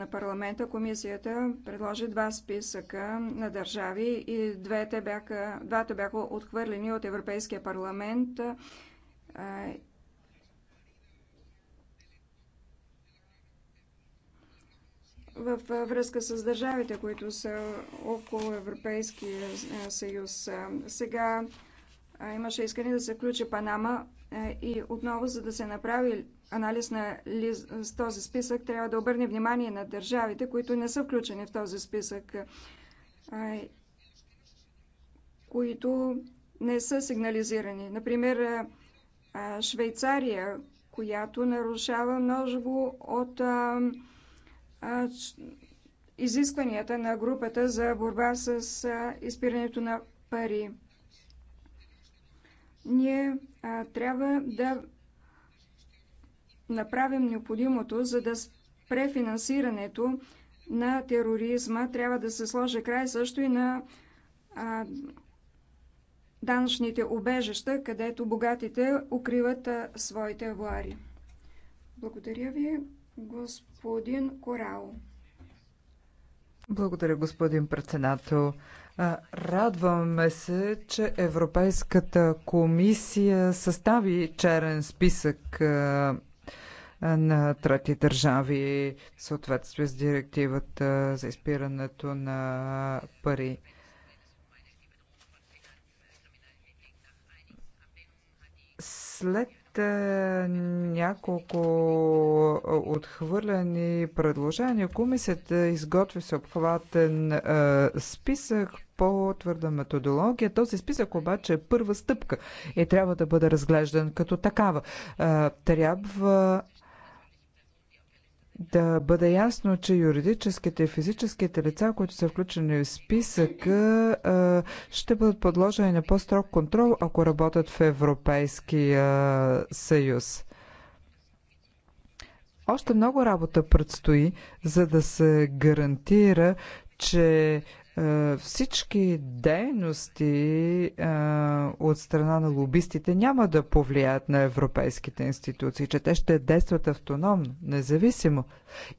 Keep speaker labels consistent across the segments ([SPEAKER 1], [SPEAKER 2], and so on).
[SPEAKER 1] на парламента комисията предложи два списъка на държави и двете бяха, двата бяха отхвърлени от Европейския парламент. В връзка с държавите, които са около Европейския съюз. Сега имаше искане да се включи Панама и отново, за да се направи анализ на лиз... с този списък трябва да обърне внимание на държавите, които не са включени в този списък, които не са сигнализирани. Например, Швейцария, която нарушава множество от изискванията на групата за борба с изпирането на пари. Ние трябва да направим необходимото, за да префинансирането на тероризма трябва да се сложи край също и на а, данъчните обежища, където богатите укриват а, своите авуари. Благодаря ви, господин Корал.
[SPEAKER 2] Благодаря, господин председател. Радваме се, че Европейската комисия състави черен списък на трети държави в съответствие с директивата за изпирането на пари. След няколко отхвърляни предложения, комисията изготви съобхватен списък по твърда методология. Този списък обаче е първа стъпка и трябва да бъде разглеждан като такава. Трябва да бъде ясно, че юридическите и физическите лица, които са включени в списъка, ще бъдат подложени на по-строг контрол, ако работят в Европейския съюз. Още много работа предстои, за да се гарантира, че е, всички дейности е, от страна на лобистите няма да повлияят на европейските институции, че те ще действат автономно, независимо.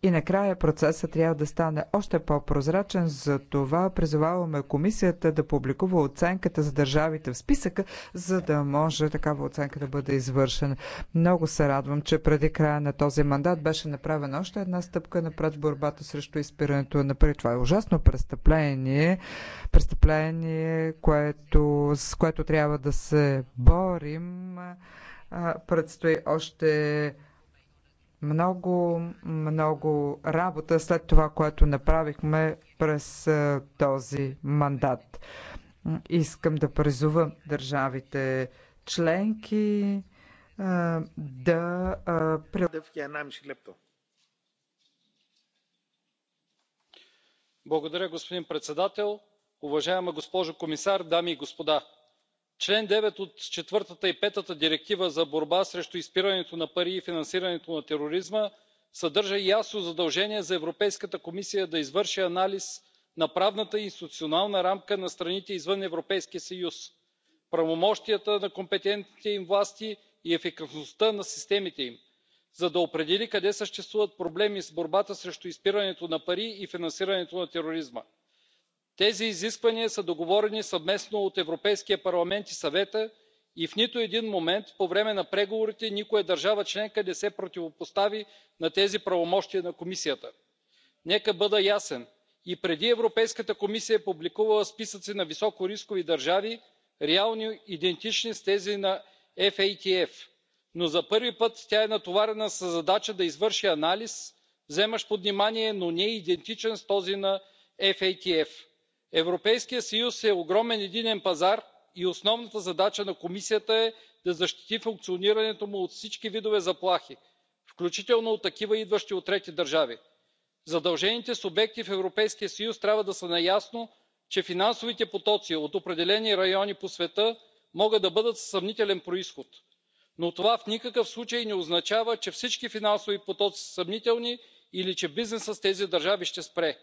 [SPEAKER 2] И накрая процесът трябва да стане още по-прозрачен, за това призоваваме комисията да публикува оценката за държавите в списъка, за да може такава оценка да бъде извършена. Много се радвам, че преди края на този мандат беше направена още една стъпка напред в борбата срещу изпирането на пари. Това е ужасно престъпление престъпление, престъпление, което, с което трябва да се борим. Предстои още много, много работа след това, което направихме през този мандат. Искам да призувам държавите членки да прилагат.
[SPEAKER 3] господин председател уважаема госпожо комисар дами и господа! член девет от четвъртата и петата директива за борба срещу изпирането на пари и финансирането на тероризма съдържа ясно задължение за европейската комисия да извърши анализ на правната и институционална рамка на страните извън европейския съюз правомощията на компетентните им власти и ефикасността на системите им за да определи къде съществуват проблеми с борбата срещу изпирането на пари и финансирането на тероризма. тези изисквания са договорени съвместно от европейския парламент и съвета и в нито един момент по време на преговорите никоя държава членка не се противопостави на тези правомощия на комисията. нека бъда ясен и преди европейската комисия е публикувала списъци на високорискови държави реално идентични с тези на фатф но за първи път тя е натоварена със задача да извърши анализ вземащ под внимание но не идентичен с този на ФАТФ. европейският съюз е огромен единен пазар и основната задача на комисията е да защити функционирането му от всички видове заплахи включително от такива идващи от трети държави. задължените субекти в европейския съюз трябва да са наясно че финансовите потоци от определени райони по света могат да бъдат със съмнителен произход но това в никакъв случай не означава че всички финансови потоци са съмнителни или че бизнесът с тези държави ще спре.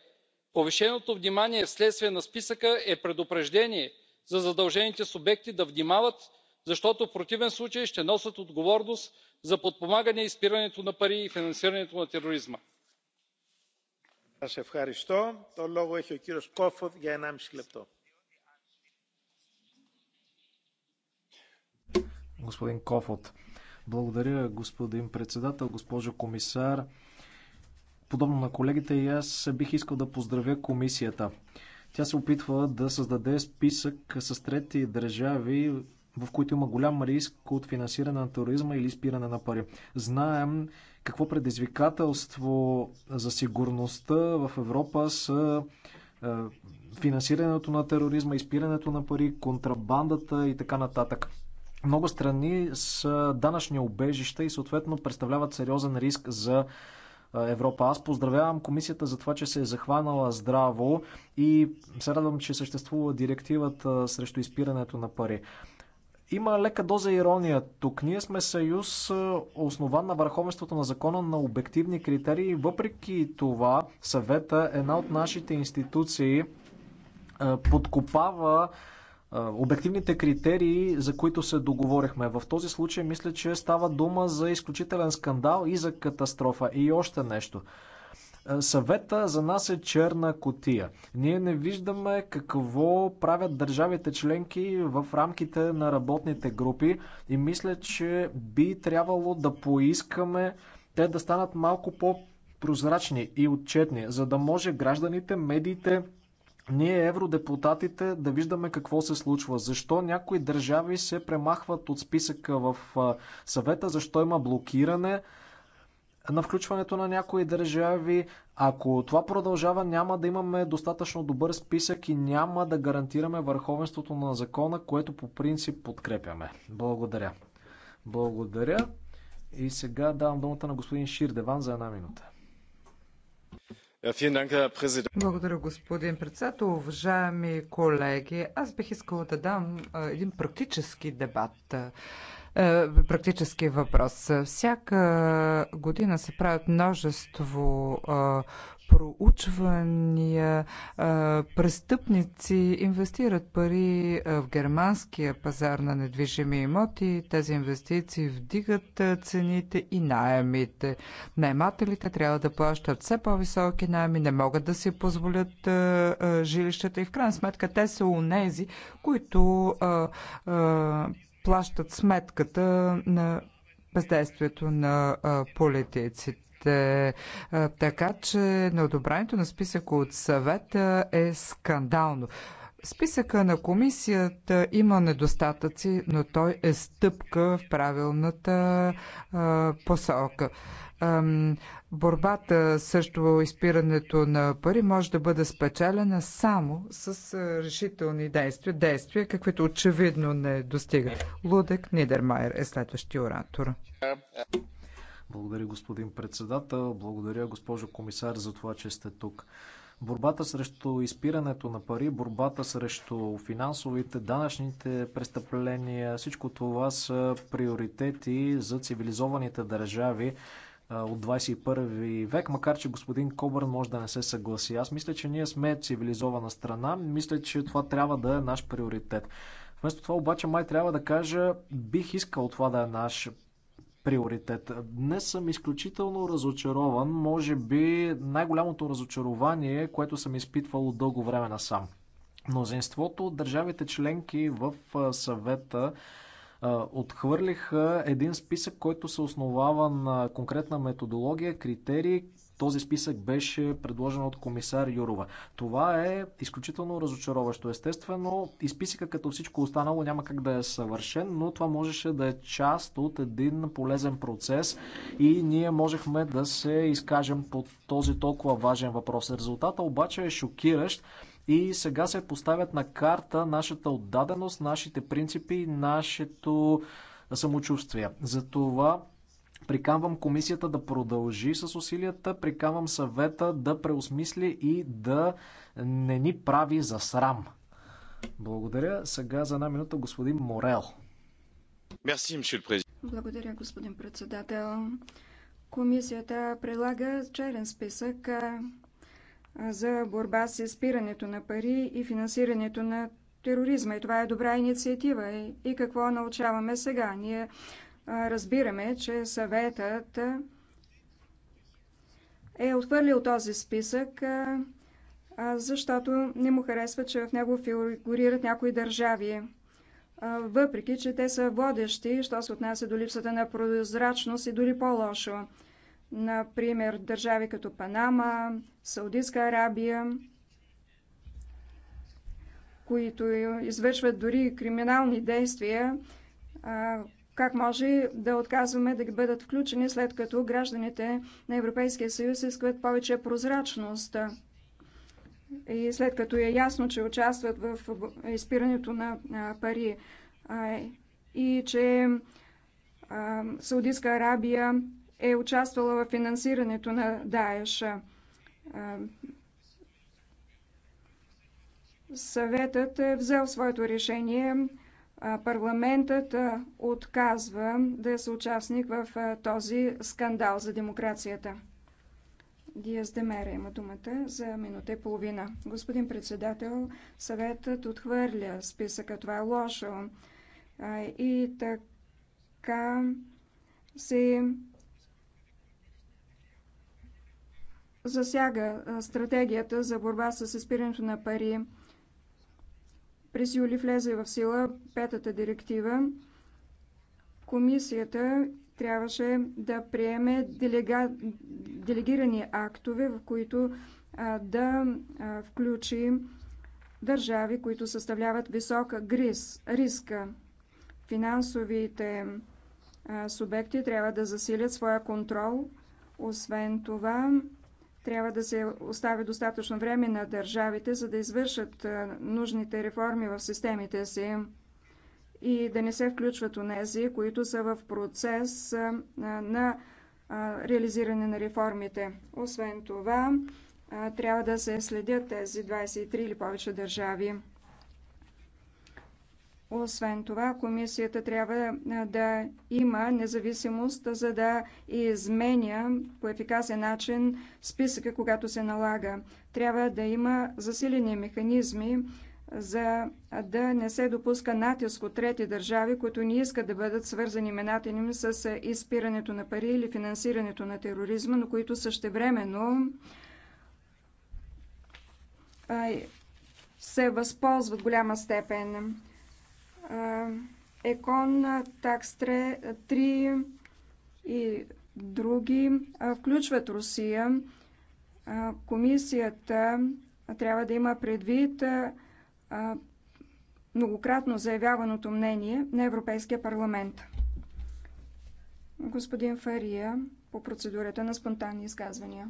[SPEAKER 3] повишеното внимание вследствие на списъка е предупреждение за задължените субекти да внимават защото в противен случай ще носят отговорност за подпомагане изпирането на пари и финансирането на тероризма.
[SPEAKER 4] господин Кофот. Благодаря, господин председател, госпожо комисар. Подобно на колегите и аз бих искал да поздравя комисията. Тя се опитва да създаде списък с трети държави, в които има голям риск от финансиране на тероризма или спиране на пари. Знаем какво предизвикателство за сигурността в Европа са е, финансирането на тероризма, изпирането на пари, контрабандата и така нататък много страни с данъчни обежища и съответно представляват сериозен риск за Европа. Аз поздравявам комисията за това, че се е захванала здраво и се радвам, че съществува директивата срещу изпирането на пари. Има лека доза ирония тук. Ние сме съюз, основан на върховенството на закона на обективни критерии. Въпреки това, съвета, една от нашите институции, подкопава обективните критерии, за които се договорихме. В този случай мисля, че става дума за изключителен скандал и за катастрофа. И още нещо. Съвета за нас е черна котия. Ние не виждаме какво правят държавите членки в рамките на работните групи и мисля, че би трябвало да поискаме те да станат малко по-прозрачни и отчетни, за да може гражданите, медиите, ние, евродепутатите, да виждаме какво се случва. Защо някои държави се премахват от списъка в съвета, защо има блокиране на включването на някои държави. Ако това продължава, няма да имаме достатъчно добър списък и няма да гарантираме върховенството на закона, което по принцип подкрепяме. Благодаря. Благодаря. И сега давам думата на господин Шир Деван за една минута.
[SPEAKER 2] Благодаря, господин председател. Уважаеми колеги, аз бих искала да дам един практически дебат е, практически въпрос. Всяка година се правят множество проучвания, престъпници инвестират пари в германския пазар на недвижими имоти. Тези инвестиции вдигат цените и найемите. Наймателите трябва да плащат все по-високи найеми, не могат да си позволят жилищата и в крайна сметка те са унези, които плащат сметката на бездействието на политиците колегите. Е, така че неодобрането на списъка от съвета е скандално. Списъка на комисията има недостатъци, но той е стъпка в правилната е, посока. борбата срещу изпирането на пари може да бъде спечелена само с е, решителни действия, действия, каквито очевидно не достигат. Лудек Нидермайер е следващия оратор.
[SPEAKER 4] Благодаря, господин председател. Благодаря, госпожо комисар, за това, че сте тук. Борбата срещу изпирането на пари, борбата срещу финансовите, данъчните престъпления, всичко това са приоритети за цивилизованите държави от 21 век, макар че господин Кобърн може да не се съгласи. Аз мисля, че ние сме цивилизована страна, мисля, че това трябва да е наш приоритет. Вместо това обаче май трябва да кажа, бих искал това да е наш приоритет. Днес съм изключително разочарован, може би най-голямото разочарование, което съм изпитвал дълго време насам. Мнозинството от държавите членки в съвета отхвърлиха един списък, който се основава на конкретна методология, критерии, този списък беше предложен от комисар Юрова. Това е изключително разочароващо. Естествено, и списъка като всичко останало няма как да е съвършен, но това можеше да е част от един полезен процес и ние можехме да се изкажем по този толкова важен въпрос. Резултата обаче е шокиращ. И сега се поставят на карта нашата отдаденост, нашите принципи, нашето самочувствие. Затова Приканвам комисията да продължи с усилията, приканвам съвета да преосмисли и да не ни прави за срам. Благодаря. Сега за една минута господин Морел.
[SPEAKER 1] Благодаря, господин председател. Комисията прилага черен списък за борба с изпирането на пари и финансирането на тероризма. И това е добра инициатива. И какво научаваме сега? Ние разбираме, че съветът е отхвърлил този списък, защото не му харесва, че в него фигурират някои държави. Въпреки, че те са водещи, що се отнася до липсата на прозрачност и дори по-лошо. Например, държави като Панама, Саудитска Арабия, които извършват дори криминални действия, как може да отказваме да ги бъдат включени, след като гражданите на Европейския съюз искат повече прозрачност? И след като е ясно, че участват в изпирането на пари и че Саудитска Арабия е участвала в финансирането на Даеш. Съветът е взел своето решение парламентът отказва да е съучастник в този скандал за демокрацията. Диас Демера има думата за минута и половина. Господин председател, съветът отхвърля списъка. Това е лошо. И така се засяга стратегията за борба с изпирането на пари. През юли влезе в сила петата директива. Комисията трябваше да приеме делега... делегирани актове, в които а, да а, включи държави, които съставляват висока риск. риска. Финансовите а, субекти трябва да засилят своя контрол. Освен това, трябва да се остави достатъчно време на държавите, за да извършат нужните реформи в системите си и да не се включват у нези, които са в процес на реализиране на реформите. Освен това, трябва да се следят тези 23 или повече държави. Освен това, комисията трябва да има независимост, за да изменя по ефикасен начин списъка, когато се налага. Трябва да има засилени механизми, за да не се допуска натиск от трети държави, които не искат да бъдат свързани имената им с изпирането на пари или финансирането на тероризма, но които същевременно се възползват голяма степен е, ЕКОН, ТАКСТРЕ 3 и други включват Русия. Комисията трябва да има предвид многократно заявяваното мнение на Европейския парламент. Господин Фария по процедурата на спонтанни изказвания.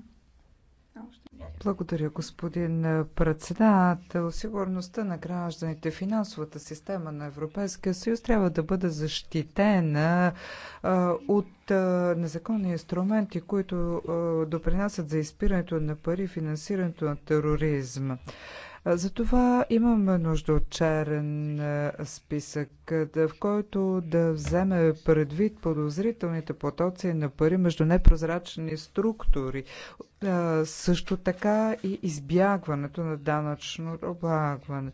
[SPEAKER 2] Благодаря, господин председател. Сигурността на гражданите, финансовата система на Европейския съюз трябва да бъде защитена а, от а, незаконни инструменти, които а, допринасят за изпирането на пари, финансирането на тероризма. Затова имаме нужда от черен списък, в който да вземе предвид подозрителните потоци на пари между непрозрачни структури също така и избягването на данъчно облагване.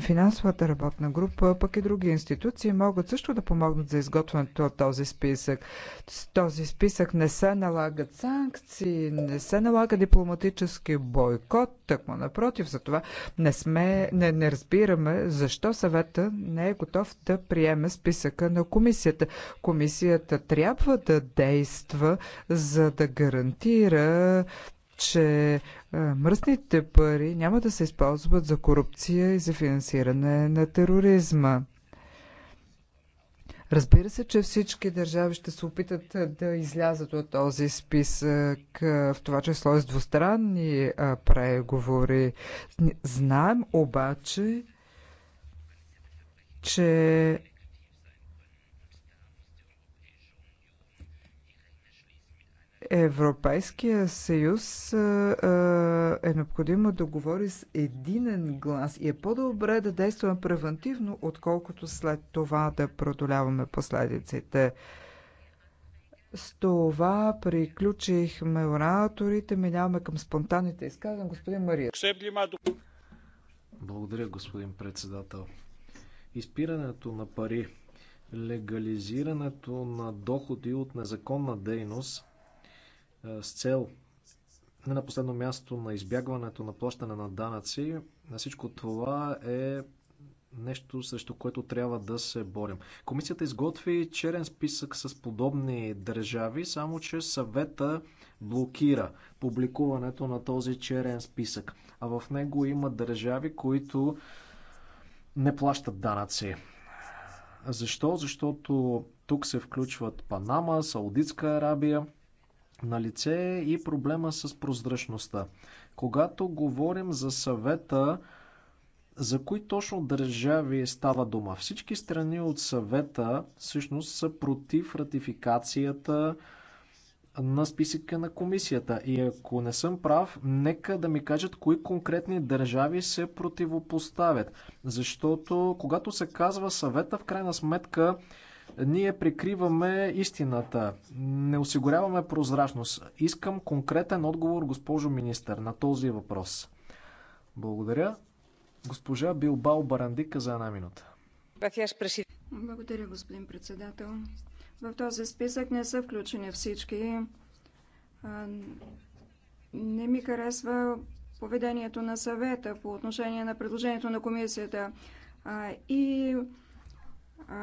[SPEAKER 2] Финансовата работна група, пък и други институции могат също да помогнат за изготвянето на този списък. С този списък не се налагат санкции, не се налага дипломатически бойкот, тъкмо напротив, затова не, сме, не, не разбираме защо съвета не е готов да приеме списъка на комисията. Комисията трябва да действа, за да гарантира че мръсните пари няма да се използват за корупция и за финансиране на тероризма. Разбира се, че всички държави ще се опитат да излязат от този списък, в това число и с двустранни преговори. Знаем обаче, че Европейския съюз е необходимо да говори с единен глас и е по-добре да действаме превентивно, отколкото след това да продоляваме последиците. С това приключихме ораторите, минаваме към спонтанните
[SPEAKER 4] изказвания. Господин Мария. Благодаря, господин председател. Изпирането на пари, легализирането на доходи от незаконна дейност – с цел не на последно място на избягването на плащане на данъци. На всичко това е нещо, срещу което трябва да се борим. Комисията изготви черен списък с подобни държави, само че съвета блокира публикуването на този черен списък. А в него има държави, които не плащат данъци. Защо? Защото тук се включват Панама, Саудитска Арабия – на лице е и проблема с прозрачността. Когато говорим за съвета, за кои точно държави става дума? Всички страни от съвета всъщност са против ратификацията на списъка на комисията. И ако не съм прав, нека да ми кажат кои конкретни държави се противопоставят. Защото когато се казва съвета, в крайна сметка ние прикриваме истината, не осигуряваме прозрачност. Искам конкретен отговор, госпожо министър, на този въпрос. Благодаря. Госпожа Билбао Барандика за една минута.
[SPEAKER 1] Благодаря, господин председател. В този списък не са включени всички. Не ми харесва поведението на съвета по отношение на предложението на комисията и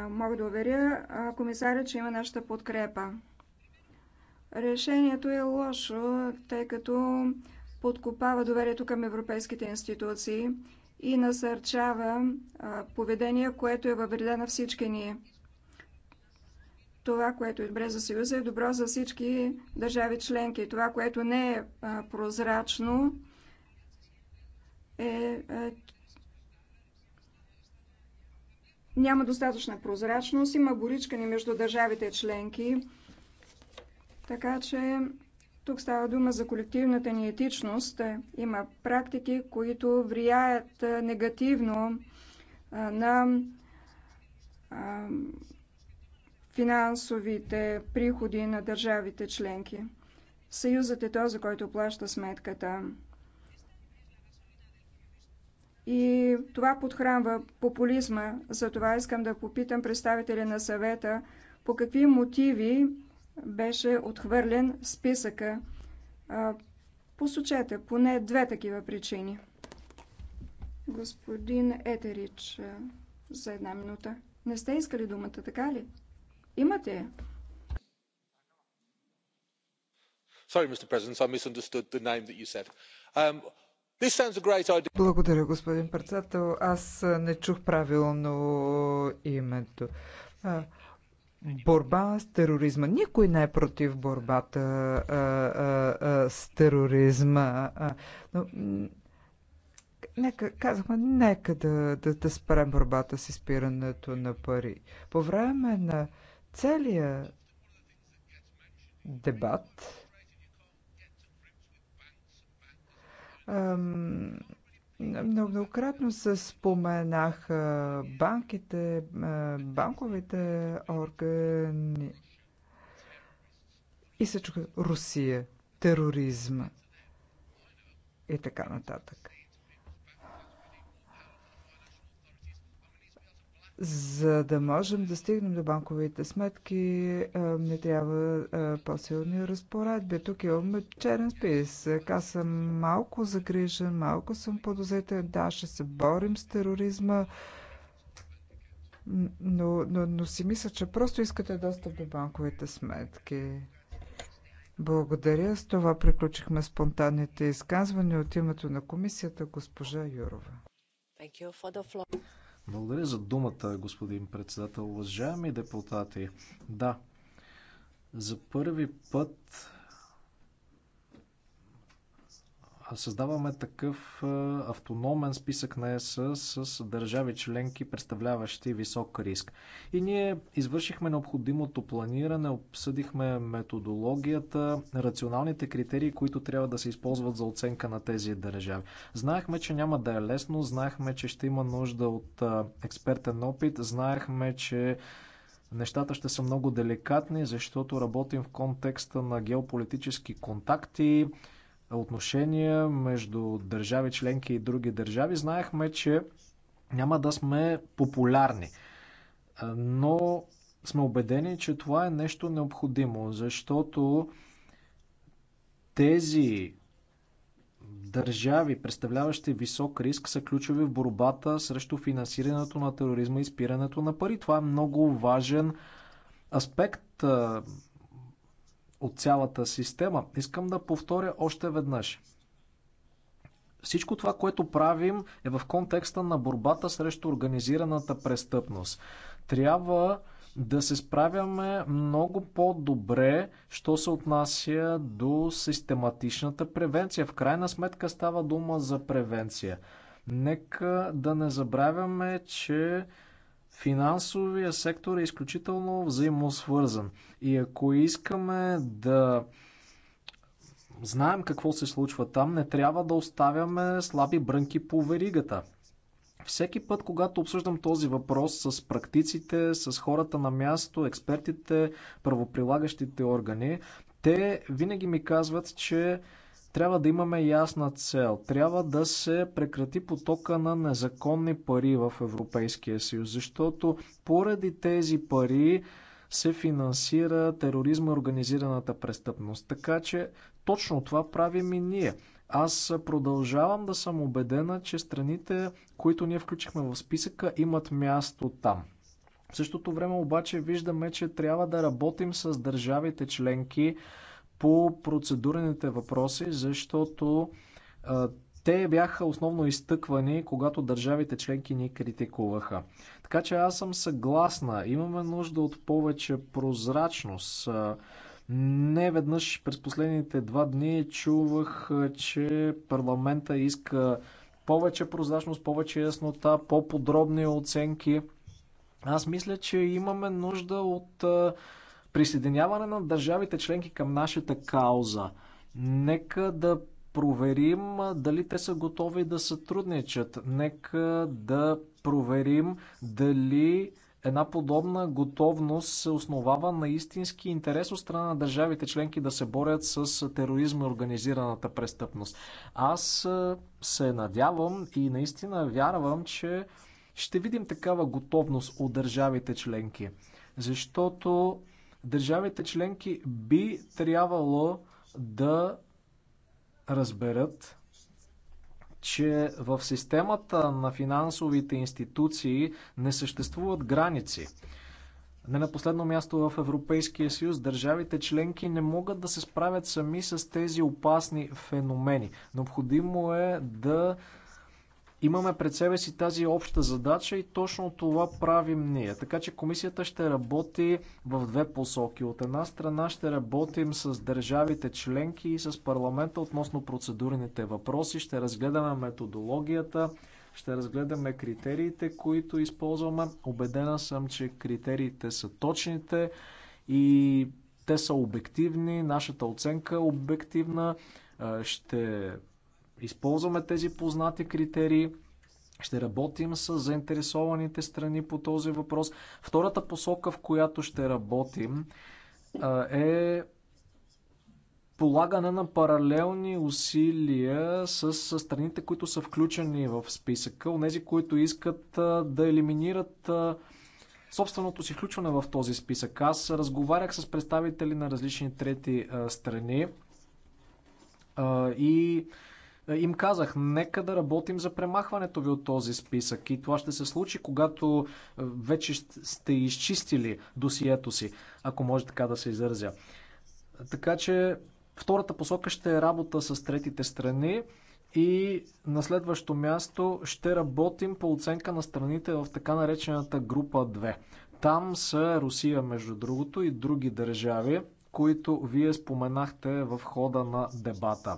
[SPEAKER 1] Мога да уверя комисаря, че има нашата подкрепа. Решението е лошо, тъй като подкопава доверието към европейските институции и насърчава поведение, което е във вреда на всички ние. Това, което е добре за Съюза, е добро за всички държави членки. Това, което не е прозрачно, е, няма достатъчна прозрачност, има боричкани между държавите членки, така че тук става дума за колективната ни етичност. Има практики, които влияят негативно на финансовите приходи на държавите членки. Съюзът е този, който плаща сметката. И това подхранва популизма. Затова искам да попитам представителя на съвета по какви мотиви беше отхвърлен списъка. Посочете поне две такива причини. Господин Етерич, за една минута. Не сте искали думата, така ли? Имате я.
[SPEAKER 4] Sorry, Mr. President, I misunderstood the name that you said. Um,
[SPEAKER 2] благодаря, господин председател. Аз не чух правилно името. Борба с тероризма. Никой не е против борбата а, а, а, с тероризма. А, но, нека, казахме, нека да, да, да спрем борбата с изпирането на пари. По време на целия дебат, Многократно се споменах банките, банковите органи и се чуха Русия, тероризма и така нататък. За да можем да стигнем до банковите сметки, не трябва по-силни разпоредби. Тук имаме черен списък. Аз съм малко загрижен, малко съм подозрителен. Да, ще се борим с тероризма. Но, но, но си мисля, че просто искате достъп до банковите сметки. Благодаря. С това приключихме спонтанните изказвания от името на комисията госпожа Юрова.
[SPEAKER 4] Благодаря за думата, господин председател. Уважаеми депутати, да, за първи път създаваме такъв автономен списък на ЕС с държави членки, представляващи висок риск. И ние извършихме необходимото планиране, обсъдихме методологията, рационалните критерии, които трябва да се използват за оценка на тези държави. Знаехме, че няма да е лесно, знаехме, че ще има нужда от експертен опит, знаехме, че нещата ще са много деликатни, защото работим в контекста на геополитически контакти, отношения между държави членки и други държави, знаехме, че няма да сме популярни. Но сме убедени, че това е нещо необходимо, защото тези държави, представляващи висок риск, са ключови в борбата срещу финансирането на тероризма и спирането на пари. Това е много важен аспект от цялата система. Искам да повторя още веднъж. Всичко това, което правим, е в контекста на борбата срещу организираната престъпност. Трябва да се справяме много по-добре, що се отнася до систематичната превенция. В крайна сметка става дума за превенция. Нека да не забравяме, че финансовия сектор е изключително взаимосвързан. И ако искаме да знаем какво се случва там, не трябва да оставяме слаби брънки по веригата. Всеки път, когато обсъждам този въпрос с практиците, с хората на място, експертите, правоприлагащите органи, те винаги ми казват, че трябва да имаме ясна цел. Трябва да се прекрати потока на незаконни пари в Европейския съюз, защото поради тези пари се финансира тероризма и организираната престъпност. Така че точно това правим и ние. Аз продължавам да съм убедена, че страните, които ние включихме в списъка, имат място там. В същото време обаче виждаме, че трябва да работим с държавите членки, по процедурните въпроси, защото те бяха основно изтъквани, когато държавите членки ни критикуваха. Така че аз съм съгласна. Имаме нужда от повече прозрачност. Не веднъж през последните два дни чувах, че парламента иска повече прозрачност, повече яснота, по-подробни оценки. Аз мисля, че имаме нужда от присъединяване на държавите членки към нашата кауза. Нека да проверим дали те са готови да сътрудничат. Нека да проверим дали една подобна готовност се основава на истински интерес от страна на държавите членки да се борят с тероризма и организираната престъпност. Аз се надявам и наистина вярвам, че ще видим такава готовност от държавите членки. Защото Държавите членки би трябвало да разберат, че в системата на финансовите институции не съществуват граници. Не на последно място в Европейския съюз държавите членки не могат да се справят сами с тези опасни феномени. Необходимо е да Имаме пред себе си тази обща задача и точно това правим ние. Така че комисията ще работи в две посоки. От една страна ще работим с държавите членки и с парламента относно процедурните въпроси, ще разгледаме методологията, ще разгледаме критериите, които използваме. Обедена съм, че критериите са точните и те са обективни, нашата оценка е обективна. Е, ще използваме тези познати критерии. Ще работим с заинтересованите страни по този въпрос. Втората посока, в която ще работим, е полагане на паралелни усилия с, страните, които са включени в списъка, онези, които искат да елиминират собственото си включване в този списък. Аз разговарях с представители на различни трети страни и е, им казах, нека да работим за премахването ви от този списък. И това ще се случи, когато е, вече сте изчистили досието си, ако може така да се изразя. Така че втората посока ще е работа с третите страни. И на следващо място ще работим по оценка на страните в така наречената група 2. Там са Русия, между другото, и други държави, които вие споменахте в хода на дебата.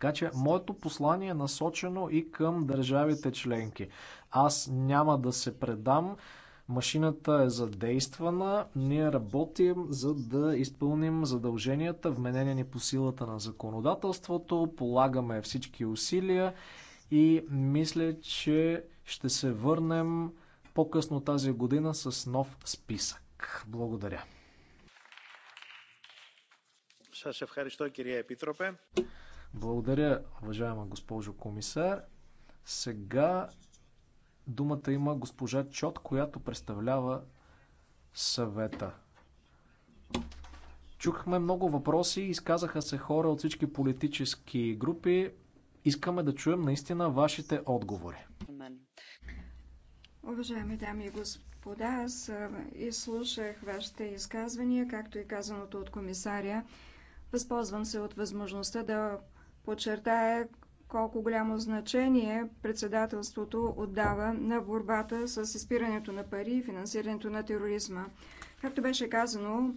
[SPEAKER 4] Така че моето послание е насочено и към държавите членки. Аз няма да се предам. Машината е задействана. Ние работим за да изпълним задълженията, вменени ни по силата на законодателството. Полагаме всички усилия и мисля, че ще се върнем по-късно тази година с нов списък. Благодаря.
[SPEAKER 3] Σας ευχαριστώ кирия епитропе.
[SPEAKER 4] Благодаря, уважаема госпожо комисар. Сега думата има госпожа Чот, която представлява съвета. Чухме много въпроси, изказаха се хора от всички политически групи. Искаме да чуем наистина вашите отговори.
[SPEAKER 1] Уважаеми дами и господа, аз изслушах вашите изказвания, както и казаното от комисаря. Възползвам се от възможността да подчертая колко голямо значение председателството отдава на борбата с изпирането на пари и финансирането на тероризма. Както беше казано,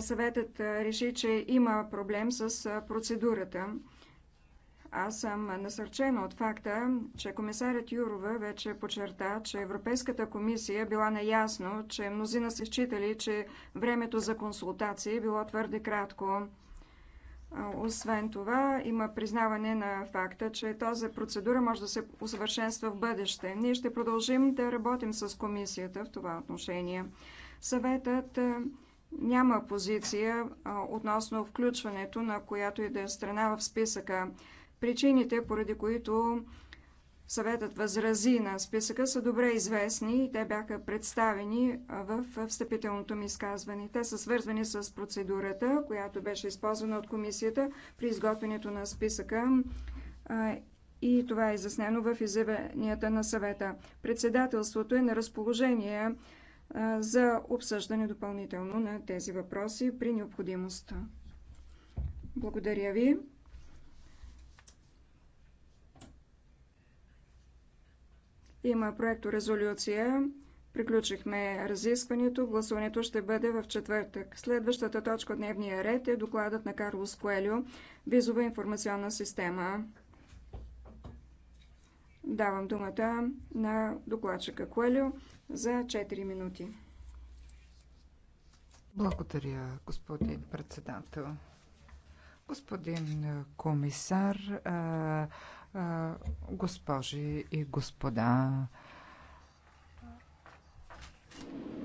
[SPEAKER 1] съветът реши, че има проблем с процедурата. Аз съм насърчена от факта, че комисарят Юрова вече почерта, че Европейската комисия била наясно, че мнозина се считали, че времето за консултации е било твърде кратко. Освен това, има признаване на факта, че тази процедура може да се усъвършенства в бъдеще. Ние ще продължим да работим с комисията в това отношение. Съветът няма позиция относно включването на която и да е страна в списъка. Причините, поради които съветът възрази на списъка, са добре известни и те бяха представени в встъпителното ми изказване. Те са свързвани с процедурата, която беше използвана от комисията при изготвянето на списъка и това е изяснено в изявленията на съвета. Председателството е на разположение за обсъждане допълнително на тези въпроси при необходимост. Благодаря ви. Има проекто резолюция. Приключихме разискването. Гласуването ще бъде в четвъртък. Следващата точка от дневния ред е докладът на Карлос Коелю Визова информационна система. Давам думата на докладчика Коелю за 4 минути.
[SPEAKER 2] Благодаря, господин председател. Господин комисар, госпожи и господа.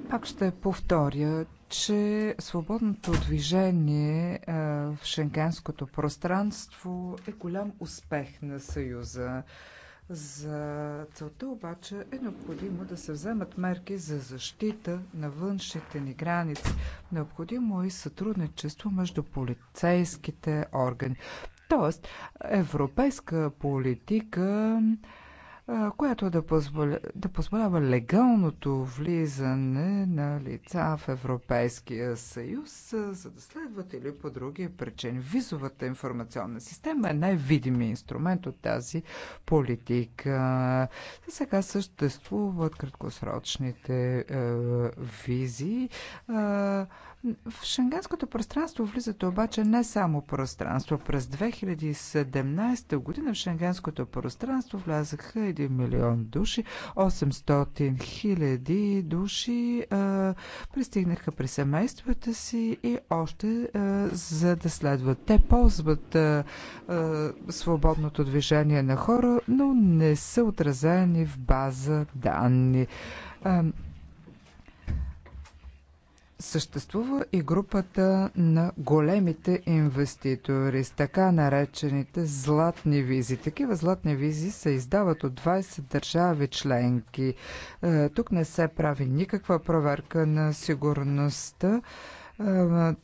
[SPEAKER 2] Пак ще повторя, че свободното движение в шенгенското пространство е голям успех на Съюза. За целта обаче е необходимо да се вземат мерки за защита на външните ни граници. Необходимо е и сътрудничество между полицейските органи. Тоест, европейска политика която да, позволя, да позволява легалното влизане на лица в Европейския съюз, за да следват или по други причини. Визовата информационна система е най-видимият инструмент от тази политика. Сега съществуват краткосрочните е, визи. Е, в шенгенското пространство влизат обаче не само пространство. През 2017 година в шенгенското пространство влязаха 1 милион души, 800 хиляди души а, пристигнаха при семействата си и още а, за да следват. Те ползват а, а, свободното движение на хора, но не са отразени в база данни. А, Съществува и групата на големите инвеститори с така наречените златни визи. Такива златни визи се издават от 20 държави членки. Е, тук не се прави никаква проверка на сигурността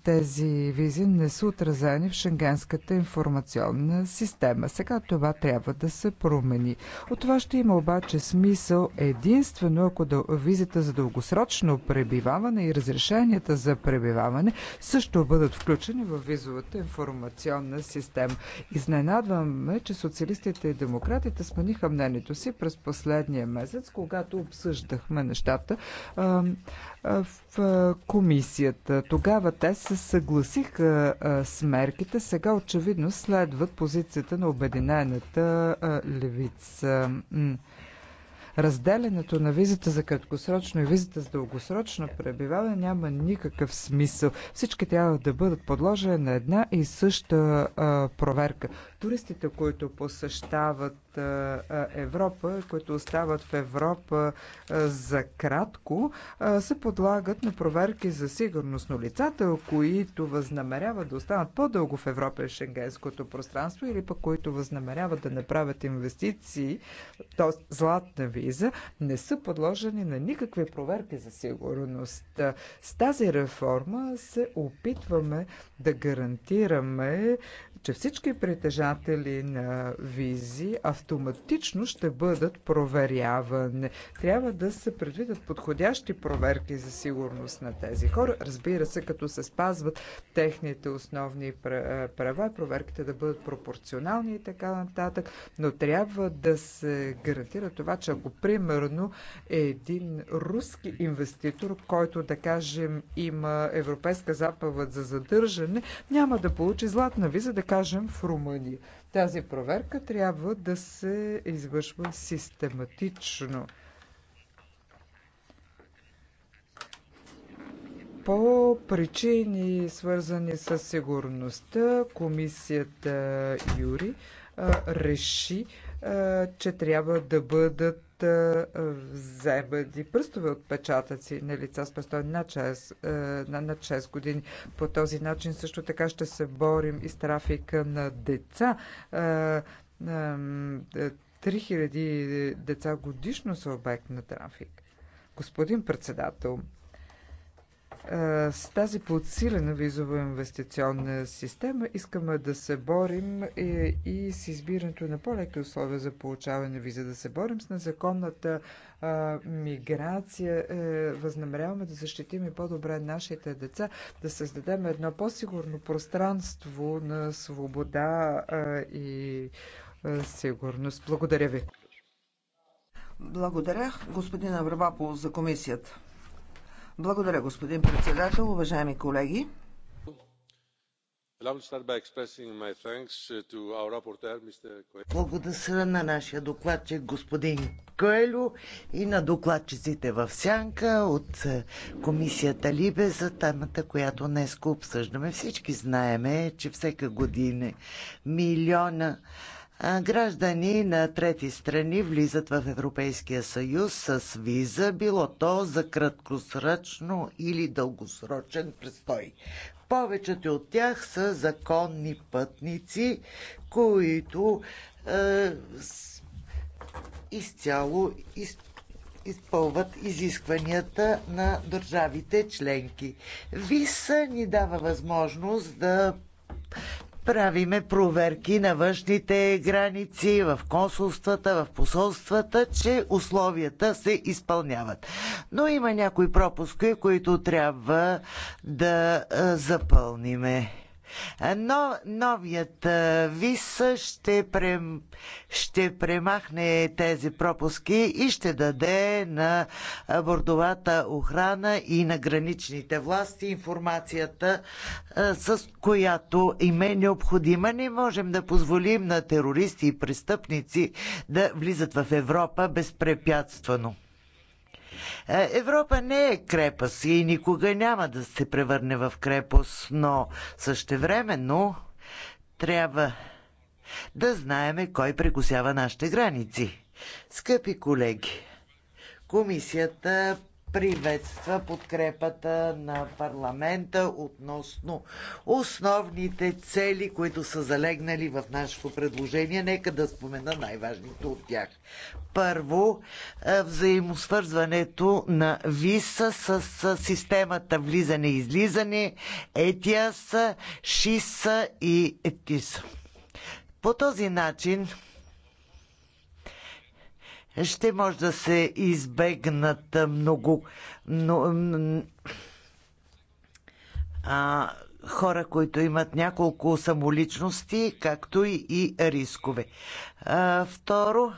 [SPEAKER 2] тези визи не са отразени в Шенгенската информационна система. Сега това трябва да се промени. От това ще има обаче смисъл единствено, ако да, визите за дългосрочно пребиваване и разрешенията за пребиваване също бъдат включени в визовата информационна система. Изненадваме, че социалистите и демократите смениха мнението си през последния месец, когато обсъждахме нещата в комисията. Тогава те се съгласиха с мерките, сега очевидно следват позицията на Обединената левица разделянето на визата за краткосрочно и визата за дългосрочно пребиваване няма никакъв смисъл. Всички трябва да бъдат подложени на една и съща а, проверка. Туристите, които посещават а, Европа, които остават в Европа а, за кратко, а, се подлагат на проверки за сигурност, но лицата, които възнамеряват да останат по-дълго в Европа и Шенгенското пространство, или пък които възнамеряват да направят инвестиции, т.е. златна Ви криза, не са подложени на никакви проверки за сигурност. С тази реформа се опитваме да гарантираме че всички притежатели на визи автоматично ще бъдат проверявани. Трябва да се предвидят подходящи проверки за сигурност на тези хора. Разбира се, като се спазват техните основни права, проверките да бъдат пропорционални и така нататък, но трябва да се гарантира това, че ако примерно е един руски инвеститор, който да кажем има европейска заповед за задържане, няма да получи златна виза, да кажем в Румъния. Тази проверка трябва да се извършва систематично. по причини, свързани с сигурността, комисията Юри реши, че трябва да бъдат да вземат и пръстове отпечатъци на лица с престой над 6, е, на, над 6 години. По този начин също така ще се борим и с трафика на деца. 3000 е, е, деца годишно са обект на трафик. Господин председател, е, с тази подсилена визова инвестиционна система искаме да се борим е, и, с избирането на по-леки условия за получаване на виза, да се борим с незаконната миграция, е, възнамеряваме да защитим и по-добре нашите деца, да създадем едно по-сигурно пространство на свобода и сигурност.
[SPEAKER 5] Благодаря ви. Благодаря, господин Аврабапол, за комисията. Благодаря, господин председател. Уважаеми колеги,
[SPEAKER 6] Благодаря на нашия докладчик господин Коелю и на докладчиците в Сянка от комисията Либе за темата, която днес обсъждаме. Всички знаеме, че всека година милиона граждани на трети страни влизат в Европейския съюз с виза, било то за краткосрочно или дългосрочен престой. Повечето от тях са законни пътници, които е, изцяло из, изпълват изискванията на държавите членки. ВИСа ни дава възможност да правиме проверки на външните граници, в консулствата, в посолствата, че условията се изпълняват. Но има някои пропуски, които трябва да запълниме. Но новият виз ще, прем... ще премахне тези пропуски и ще даде на бордовата охрана и на граничните власти информацията, с която им е необходима. Не можем да позволим на терористи и престъпници да влизат в Европа безпрепятствено. Е, Европа не е крепост и никога няма да се превърне в крепост, но същевременно трябва да знаеме кой прекусява нашите граници. Скъпи колеги, комисията приветства подкрепата на парламента относно основните цели, които са залегнали в нашето предложение. Нека да спомена най-важните от тях. Първо, е, взаимосвързването на ВИСа с системата влизане и излизане, ЕТИАС, ШИСа и ЕТИС. По този начин ще може да се избегнат много, но, а, хора, които имат няколко самоличности, както и, и рискове. А, второ,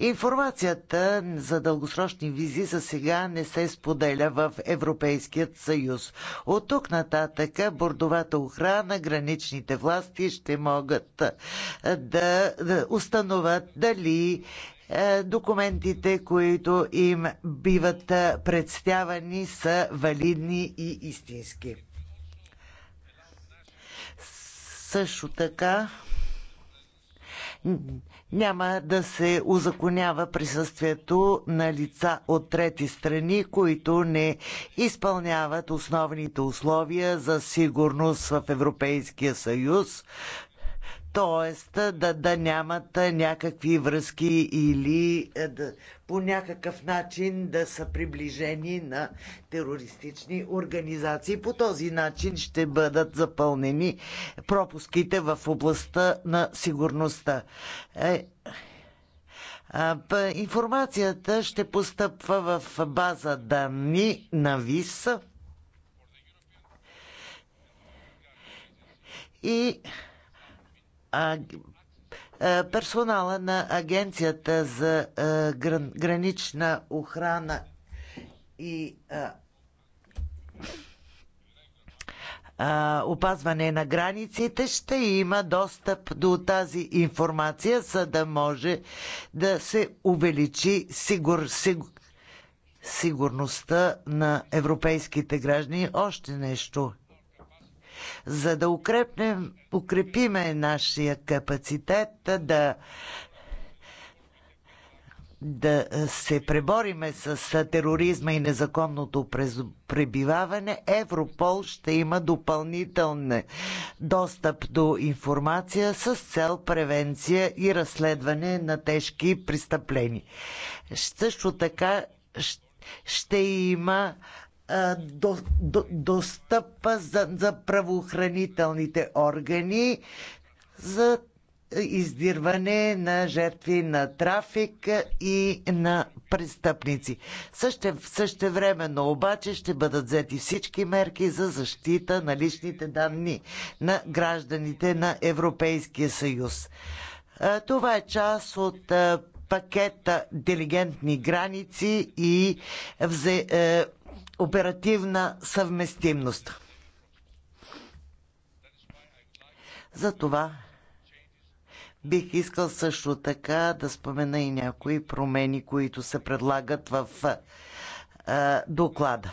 [SPEAKER 6] Информацията за дългосрочни визи за сега не се споделя в Европейският съюз. От тук нататък бордовата охрана, граничните власти ще могат да, да установят дали документите, които им биват представени, са валидни и истински. Също така няма да се узаконява присъствието на лица от трети страни, които не изпълняват основните условия за сигурност в Европейския съюз, т.е. Да, да нямат някакви връзки или е, да, по някакъв начин да са приближени на терористични организации. По този начин ще бъдат запълнени пропуските в областта на сигурността. Е, информацията ще постъпва в база данни на ВИС и а, персонала на Агенцията за гранична охрана и опазване на границите ще има достъп до тази информация, за да може да се увеличи сигур, сигур, сигурността на европейските граждани. Още нещо – за да укрепнем, укрепиме нашия капацитет да да се пребориме с тероризма и незаконното пребиваване, Европол ще има допълнителен достъп до информация с цел превенция и разследване на тежки престъпления. Също така ще има до, до, достъпа за, за правоохранителните органи за издирване на жертви на трафик и на престъпници. Също, същевременно обаче ще бъдат взети всички мерки за защита на личните данни на гражданите на Европейския съюз. Това е част от пакета Делигентни граници и взе, е, оперативна съвместимост. Затова бих искал също така да спомена и някои промени, които се предлагат в доклада.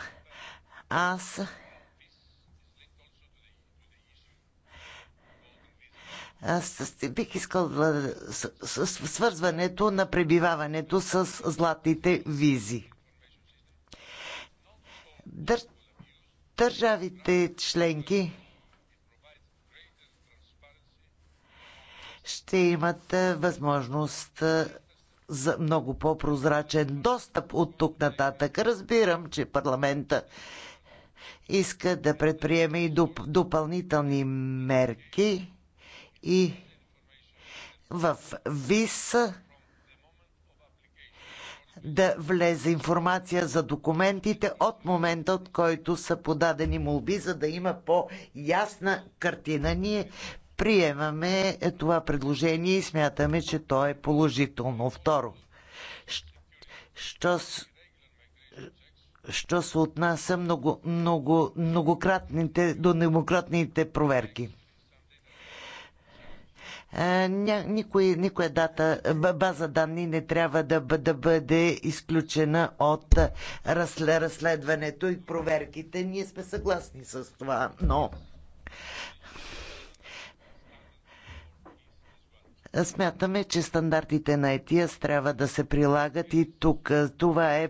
[SPEAKER 6] Аз Аз бих искал свързването на пребиваването с златните визи. Дър... Държавите членки ще имат е, възможност е, за много по-прозрачен достъп от тук нататък. Разбирам, че парламента иска да предприеме и доп- допълнителни мерки и в ВИС да влезе информация за документите от момента, от който са подадени молби, за да има по-ясна картина. Ние приемаме това предложение и смятаме, че то е положително. Второ, що, що се отнася много, много, многократните до демократните проверки. Е, никой, никоя дата, база данни не трябва да, да бъде изключена от разследването и проверките. Ние сме съгласни с това, но смятаме, че стандартите на ETIAS трябва да се прилагат и тук. Това е,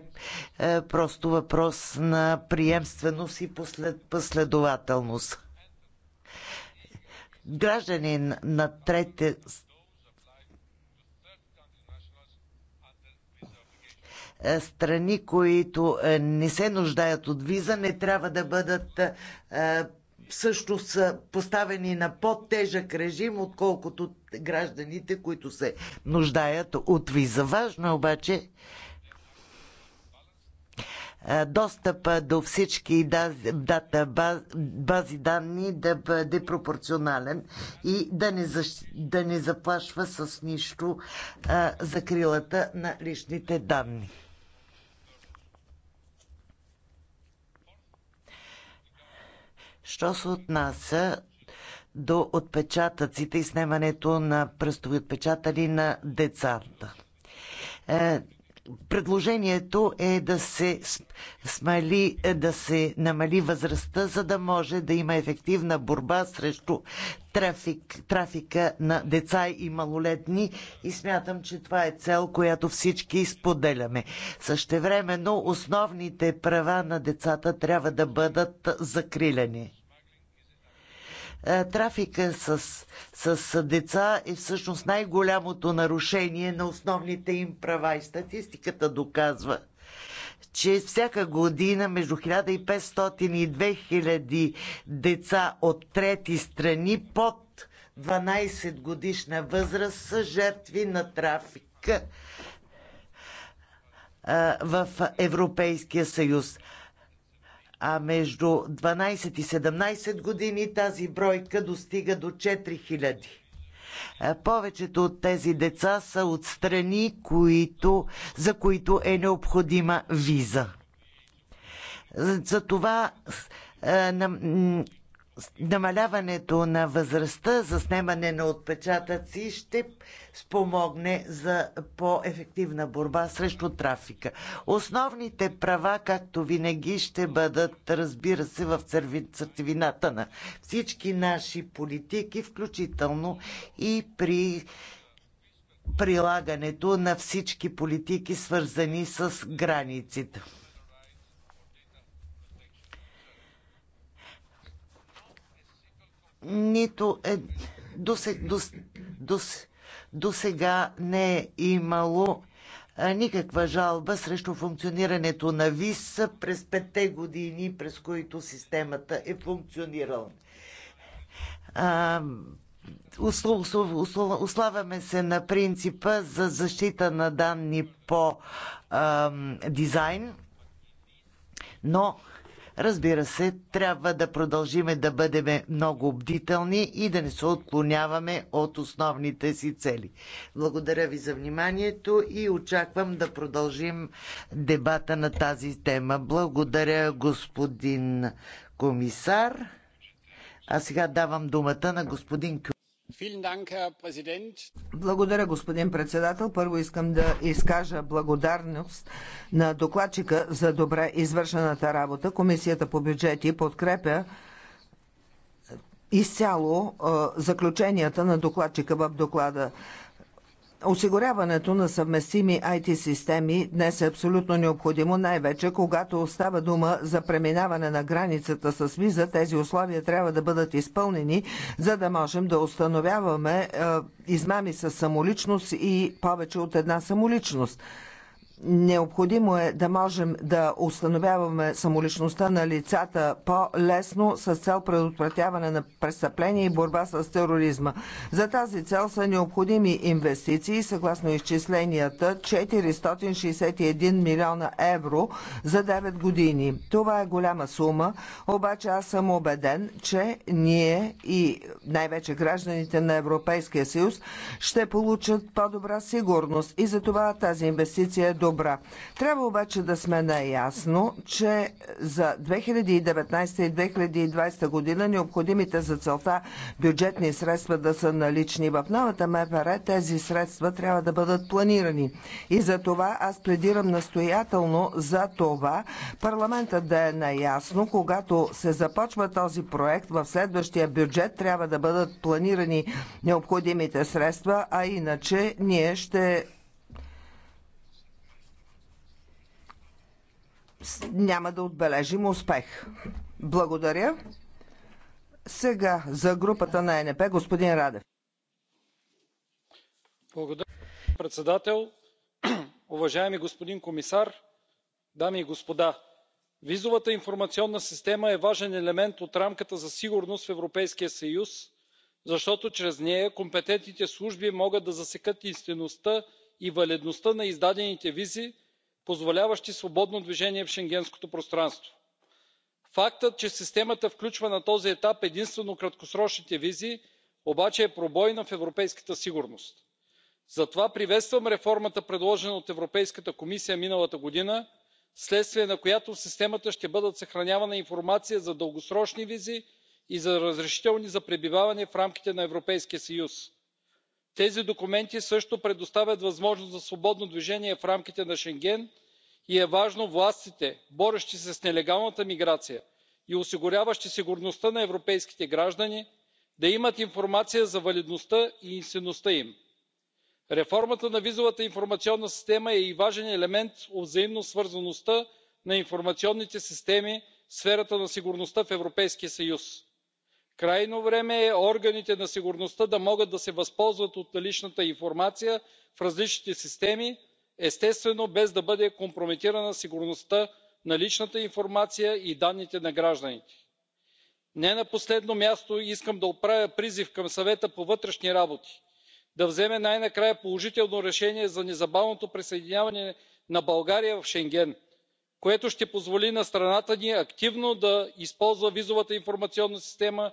[SPEAKER 6] е просто въпрос на приемственост и послед, последователност гражданин на трете страни, които е, не се нуждаят от виза, не трябва да бъдат е, също са е, поставени на по-тежък режим, отколкото гражданите, които се нуждаят от виза. Важно е обаче е, достъпа до всички дата бази данни да бъде пропорционален и да не, защ... да не заплашва с нищо е, закрилата на личните данни. Що се отнася до отпечатъците и снимането на пръстови отпечатали на децата? Е, Предложението е да се смали, е, да се намали възрастта, за да може да има ефективна борба срещу трафик, трафика на деца и малолетни и смятам, че това е цел, която всички споделяме. Същевременно основните права на децата трябва да бъдат закрилени. Е, трафика с, с деца е всъщност най-голямото нарушение на основните им права и статистиката доказва, че всяка година между 1500 и 2000 деца от трети страни под 12 годишна възраст са жертви на трафика е, в Европейския съюз а между 12 и 17 години тази бройка достига до 4000. Е, повечето от тези деца са от страни, които, за които е необходима виза. Е, Затова е, намаляването на възрастта за снимане на отпечатъци ще спомогне за по-ефективна борба срещу трафика. Основните права, както винаги, ще бъдат, разбира се, в сърцевината на всички наши политики, включително и при прилагането на всички политики, свързани с границите. нито е, до, до, до, до сега не е имало никаква жалба срещу функционирането на ВИС през петте години, през които системата е функционирала. Ославаме се на принципа за защита на данни по а, дизайн, но Разбира се, трябва да продължиме да бъдем много бдителни и да не се отклоняваме от основните си цели. Благодаря ви за вниманието и очаквам да продължим дебата на тази тема. Благодаря, господин комисар. А сега давам думата на господин
[SPEAKER 5] благодаря, господин председател. Първо искам да изкажа благодарност на докладчика за добре извършената работа. Комисията по бюджети подкрепя изцяло заключенията на докладчика в доклада. Осигуряването на съвместими IT системи днес е абсолютно необходимо, най-вече когато остава дума за преминаване на границата с виза. Тези условия трябва да бъдат изпълнени, за да можем да установяваме е, измами с самоличност и повече от една самоличност. Необходимо е да можем да установяваме самоличността на лицата по-лесно с цел предотвратяване на престъпления и борба с тероризма. За тази цел са необходими инвестиции, съгласно изчисленията 461 милиона евро за 9 години. Това е голяма сума, обаче аз съм убеден, че ние и най-вече гражданите на Европейския съюз ще получат по-добра сигурност и за това тази инвестиция е добра добра. Трябва обаче да сме наясно, че за 2019 и 2020 година необходимите за целта бюджетни средства да са налични. В новата МФР тези средства трябва да бъдат планирани. И за това аз пледирам настоятелно за това парламентът да е наясно, когато се започва този проект, в следващия бюджет трябва да бъдат планирани необходимите средства, а иначе ние ще няма да отбележим успех. Благодаря. Сега за групата на НП господин Радев.
[SPEAKER 3] Благодаря, председател. Уважаеми господин комисар, дами и господа! Визовата информационна система е важен елемент от рамката за сигурност в Европейския съюз, защото чрез нея компетентните служби могат да засекат истинността и валидността на издадените визи позволяващи свободно движение в шенгенското пространство. фактът че системата включва на този етап единствено краткосрочните визи обаче е пробойна в европейската сигурност. затова приветствам реформата предложена от европейската комисия миналата година вследствие на която в системата ще бъде съхранявана информация за дългосрочни визи и за разрешителни за пребиваване в рамките на европейския съюз тези документи също предоставят възможност за свободно движение в рамките на шенген и е важно властите борещи се с нелегалната миграция и осигуряващи сигурността на европейските граждани да имат информация за валидността и истинността им. реформата на визовата информационна система е и важен елемент от свързаността на информационните системи в сферата на сигурността в европейския съюз крайно време е органите на сигурността да могат да се възползват от наличната информация в различните системи естествено без да бъде компрометирана сигурността на личната информация и данните на гражданите. не на последно място искам да отправя призив към съвета по вътрешни работи да вземе най накрая положително решение за незабавното присъединяване на българя в шенген което ще позволи на страната ни активно да използва визовата информационна система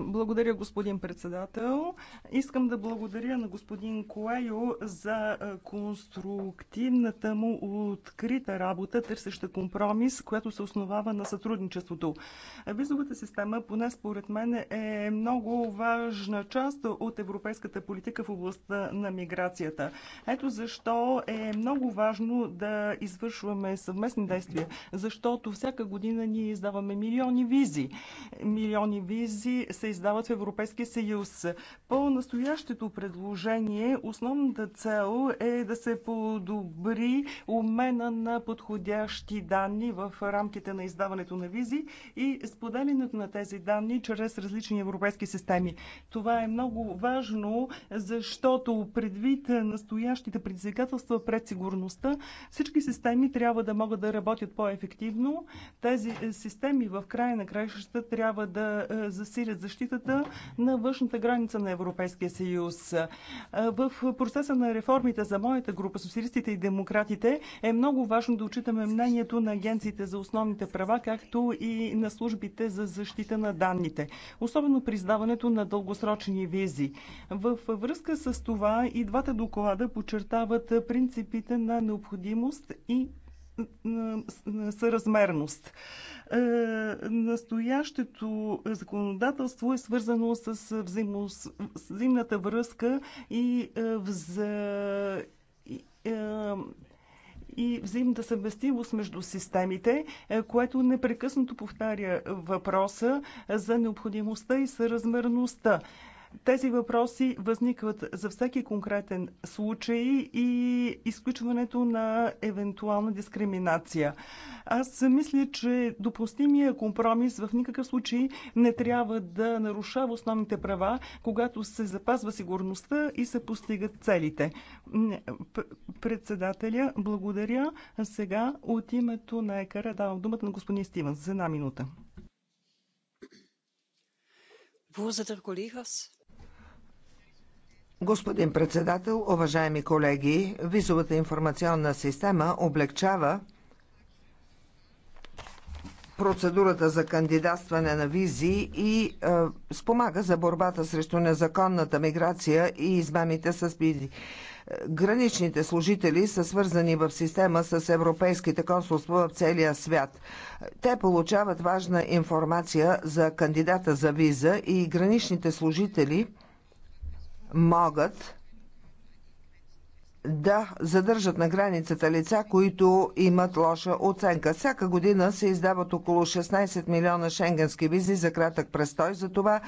[SPEAKER 7] Благодаря, господин председател. Искам да благодаря на господин Коелho за конструктивната му открита работа, търсеща компромис, която се основава на сътрудничеството. Визовата система, поне според мен, е много важна част от европейската политика в областта на миграцията. Ето защо е много важно да извършваме съвместни действия, защото всяка година ние издаваме милиони визи. Милиони визи визи се издават в Европейския съюз. По настоящето предложение основната цел е да се подобри умена на подходящи данни в рамките на издаването на визи и споделянето на тези данни чрез различни европейски системи. Това е много важно, защото предвид настоящите предизвикателства пред сигурността, всички системи трябва да могат да работят по-ефективно. Тези системи в края на краищата трябва да е, засилят защитата на външната граница на Европейския съюз. В процеса на реформите за моята група, социалистите и демократите, е много важно да отчитаме мнението на агенциите за основните права, както и на службите за защита на данните, особено при издаването на дългосрочни визи. В връзка с това и двата доклада подчертават принципите на необходимост и съразмерност. Е, настоящето законодателство е свързано с взаимната връзка и е, за е, и взаимната съвместимост между системите, което непрекъснато повтаря въпроса за необходимостта и съразмерността. Тези въпроси възникват за всеки конкретен случай и изключването на евентуална дискриминация. Аз мисля, че допустимия компромис в никакъв случай не трябва да нарушава основните права, когато се запазва сигурността и се постигат целите. Председателя, благодаря. Сега от името на екара давам думата на
[SPEAKER 5] господин Стивенс за една минута
[SPEAKER 1] voorzitter collega's
[SPEAKER 5] Господин председател, уважаеми колеги, визовата информационна система облегчава процедурата за кандидатстване на визи и е, спомага за борбата срещу незаконната миграция и измамите с визи. Е, граничните служители са свързани в система с европейските консулства в целия свят. Те получават важна информация за кандидата за виза и граничните служители – могат да задържат на границата лица, които имат лоша оценка. Всяка година се издават около 16 милиона шенгенски визи за кратък престой, затова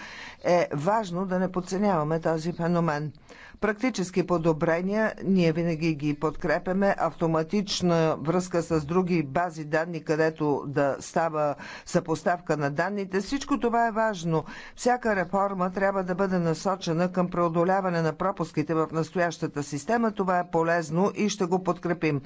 [SPEAKER 5] е важно да не подценяваме този феномен. Практически подобрения ние винаги ги подкрепяме. Автоматична връзка с други бази данни, където да става съпоставка на данните. Всичко това е важно. Всяка реформа трябва да бъде насочена към преодоляване на пропуските в настоящата система. Това е полезно и ще го подкрепим.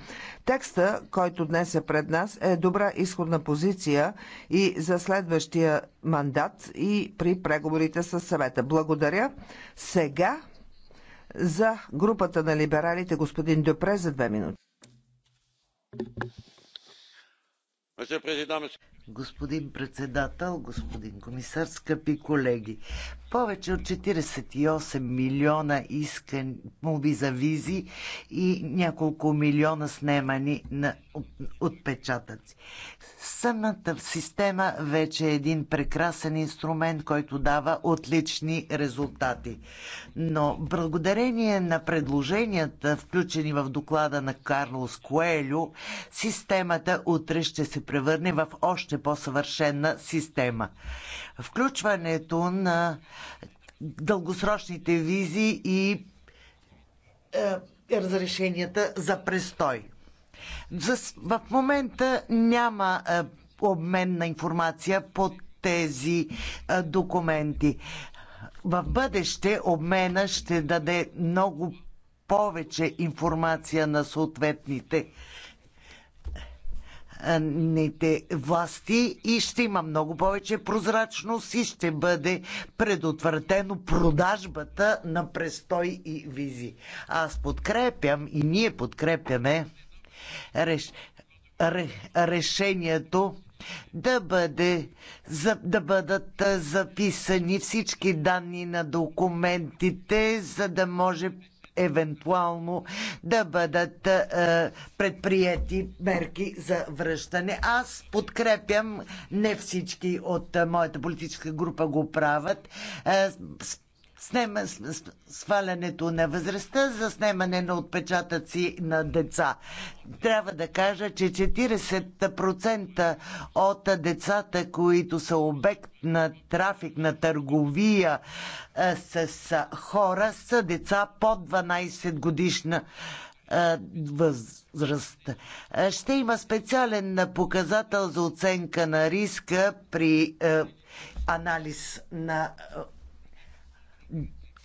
[SPEAKER 5] Текста, който днес е пред нас, е добра изходна позиция и за следващия мандат и при преговорите с съвета. Благодаря. Сега за групата на либералите господин
[SPEAKER 6] Дюпре за две минути господин председател, господин комисар, скъпи колеги. Повече от 48 милиона искани моби за визи и няколко милиона снимани на отпечатъци. Съмната система вече е един прекрасен инструмент, който дава отлични резултати. Но благодарение на предложенията, включени в доклада на Карлос Коелю, системата утре ще се превърне в още по-съвършена система. Включването на дългосрочните визи и е, разрешенията за престой. В момента няма е, обмен на информация по тези е, документи. В бъдеще обмена ще даде много повече информация на съответните власти и ще има много повече прозрачност и ще бъде предотвратено продажбата на престой и визи. Аз подкрепям и ние подкрепяме реш, решението да, бъде, за, да бъдат записани всички данни на документите, за да може евентуално да бъдат е, предприяти мерки за връщане. Аз подкрепям, не всички от моята политическа група го правят, е, снема, свалянето на възрастта за снемане на отпечатъци на деца. Трябва да кажа, че 40% от децата, които са обект на трафик, на търговия е, с хора, са деца под 12 годишна е, възраст. Е, ще има специален показател за оценка на риска при анализ на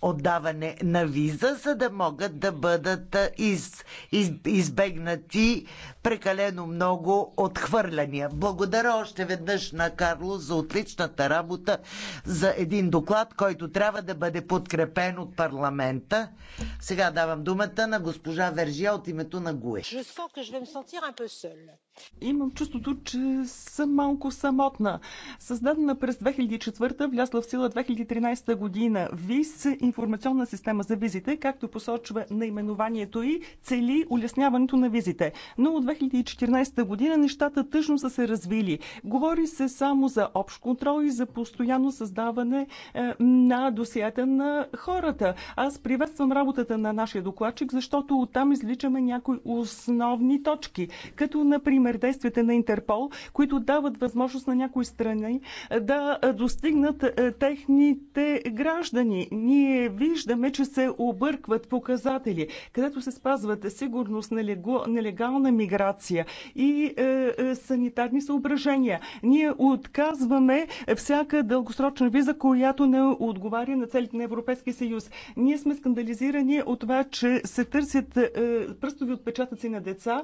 [SPEAKER 6] отдаване на виза, за да могат да бъдат из, из, избегнати прекалено много отхвърляния. Благодаря още веднъж на Карло за отличната работа за един доклад, който трябва да бъде подкрепен от парламента. Сега давам думата на госпожа Вержия от името на ГУЕ. Имам чувството, че съм
[SPEAKER 7] малко самотна. Създадена през 2004, влязла в сила 2013 година ВИС, информационна система за визите, както посочва наименованието и цели улесняването на визите. Но от 2014 година нещата тъжно са се развили. Говори се само за общ контрол и за постоянно създаване е, на досията на хората. Аз приветствам работата на нашия докладчик, защото оттам изличаме някои основни точки, като например действията на Интерпол, които дават възможност на някои страни е, да е, достигнат техните граждани. Ние виждаме, че се объркват показатели, където се спазват сигурност, на нелегална миграция, комуникация и е, е, санитарни съображения. Ние отказваме всяка дългосрочна виза, която не отговаря на целите на Европейския съюз. Ние сме скандализирани от това, че се търсят е, пръстови отпечатъци на деца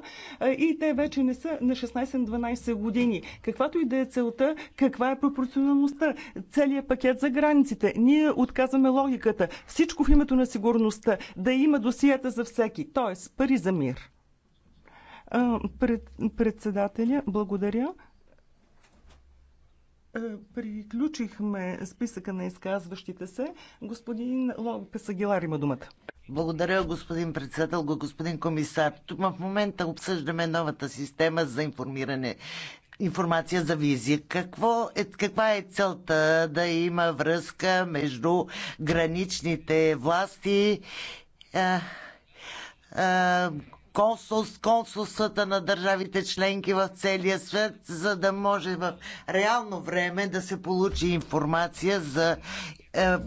[SPEAKER 7] и те вече не са на 16-12 години. Каквато и да е целта, каква е пропорционалността, целият пакет за границите. Ние отказваме логиката. Всичко в името на сигурността. Да има досията за всеки. Тоест, пари за мир. Пред, председателя, благодаря. Приключихме списъка на изказващите се.
[SPEAKER 6] Господин Лопес Агилар има думата. Благодаря, господин председател, господин комисар. Тук в момента обсъждаме новата система за информиране информация за визия. Какво е, каква е целта да има връзка между граничните власти, а, а, консулс, консулствата на държавите членки в целия свят, за да може в реално време да се получи информация за е, е,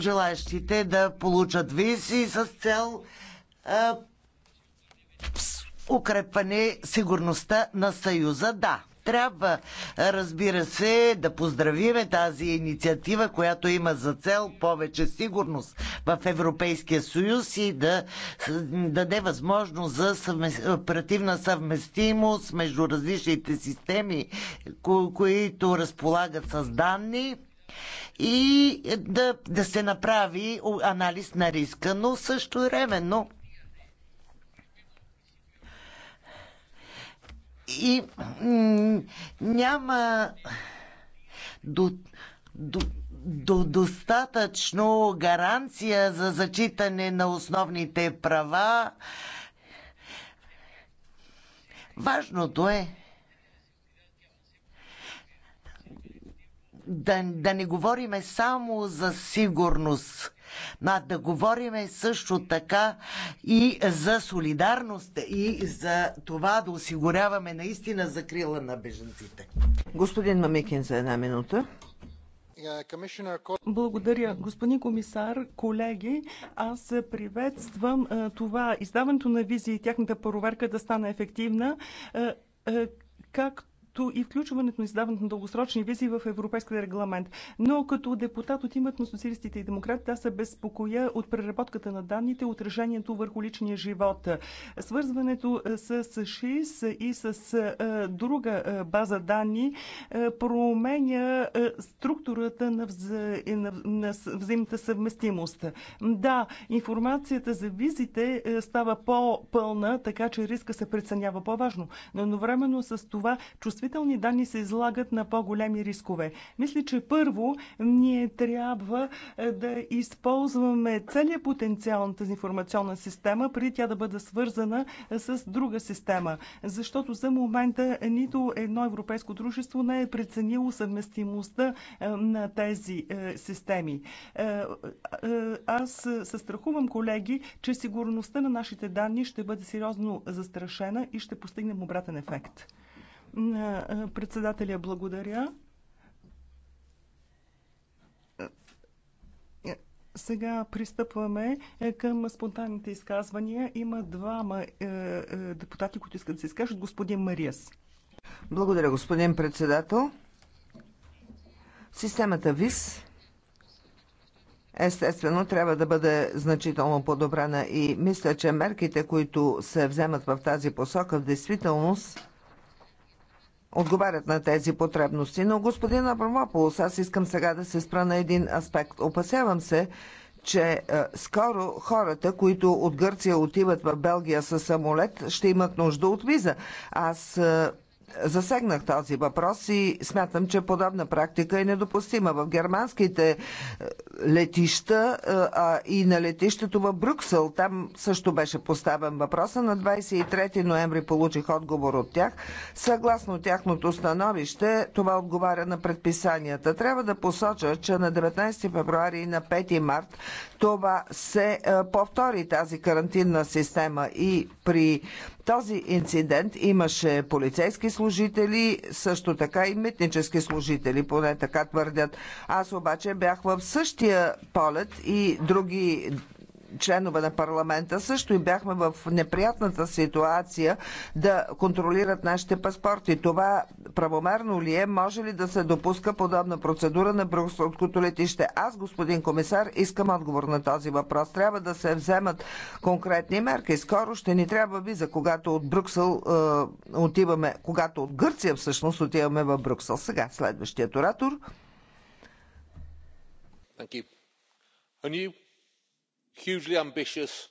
[SPEAKER 6] желаящите да получат визи с цел е, укрепване сигурността на Съюза. Да, трябва, разбира се, да поздравиме тази инициатива, която има за цел повече сигурност в Европейския съюз и да даде възможност за оперативна съвместимост между различните системи, които разполагат с данни и да, да се направи анализ на риска, но също времено и няма до, до, до достатъчно гаранция за зачитане на основните права. Важното е да, да не говориме само за сигурност а да говорим също така и за солидарност и за това да осигуряваме наистина закрила на беженците.
[SPEAKER 5] Господин Мамикин за една минута.
[SPEAKER 6] Благодаря.
[SPEAKER 7] Господин комисар, колеги, аз приветствам това издаването на визи и тяхната проверка да стане ефективна. Както включването и включването на издаването на дългосрочни визи в европейския регламент. Но като депутат от името на социалистите и демократите, аз се безпокоя от преработката на данните, отражението върху личния живот. Свързването е, с ШИС и с е, друга е, база данни променя структурата на, вза... на взаимната съвместимост. Да, информацията за визите става по-пълна, така че риска се преценява по-важно. Но едновременно с това чувствителността чувствителни данни се излагат на по-големи рискове. Мисля, че първо ние трябва е, да използваме целият потенциал на тази информационна система, преди тя да бъде свързана е, с друга система. Защото за момента нито едно европейско дружество не е преценило съвместимостта е, на тези системи. Аз се страхувам, колеги, че сигурността на нашите данни ще бъде сериозно застрашена и ще постигнем обратен ефект. На председателя благодаря. Е, сега пристъпваме е, към спонтанните изказвания. Има
[SPEAKER 5] двама е, депутати, които искат да се изкажат. Господин Мариас. Благодаря, господин председател. Системата ВИС естествено трябва да бъде значително подобрена и мисля, че мерките, които се вземат в тази посока, в действителност отговарят на тези потребности. Но, господин Абрамополос, аз искам сега да се спра на един аспект. Опасявам се, че е, скоро хората, които от Гърция отиват в Белгия със самолет, ще имат нужда от виза. Аз е, засегнах този въпрос и смятам, че подобна практика е недопустима. В германските е, летища е, а и на летището в Брюксел, там също беше поставен въпроса. На 23 ноември получих отговор от тях. Съгласно тяхното становище, това отговаря на предписанията. Трябва да посоча, че на 19 февруари и на 5 март това се е, повтори тази карантинна система и при този инцидент имаше полицейски служители, също така и митнически служители, поне така твърдят. Аз обаче бях в същия полет и други членове на парламента също и бяхме в неприятната ситуация да контролират нашите паспорти. Това правомерно ли е? Може ли да се допуска подобна процедура на Брюкселското летище? Аз, господин комисар, искам отговор на този въпрос. Трябва да се вземат конкретни мерки. Скоро ще ни трябва виза, когато от Брюксел е, отиваме, когато от Гърция всъщност отиваме в Брюксел. Сега следващият оратор. Thank you hugely ambitious